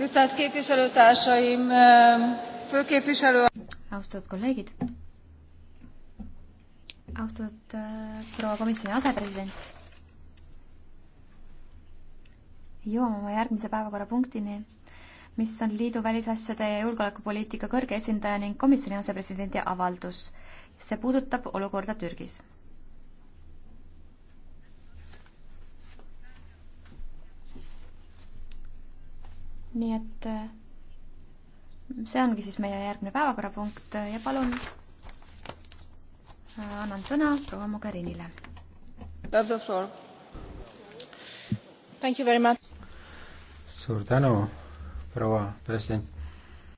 tisztelt képviselőtársaim, főképviselő. austatud kolleegid, austatud proua komisjoni asepresident. jõuame oma järgmise päevakorrapunktini, mis on liidu välisasjade ja julgeolekupoliitika kõrge esindaja ning komisjoni asepresidendi avaldus. see puudutab olukorda Türgis nii et äh, see ongi siis meie järgmine päevakorrapunkt äh, ja palun äh, annan sõna proua Mogherinile. suur tänu, proua president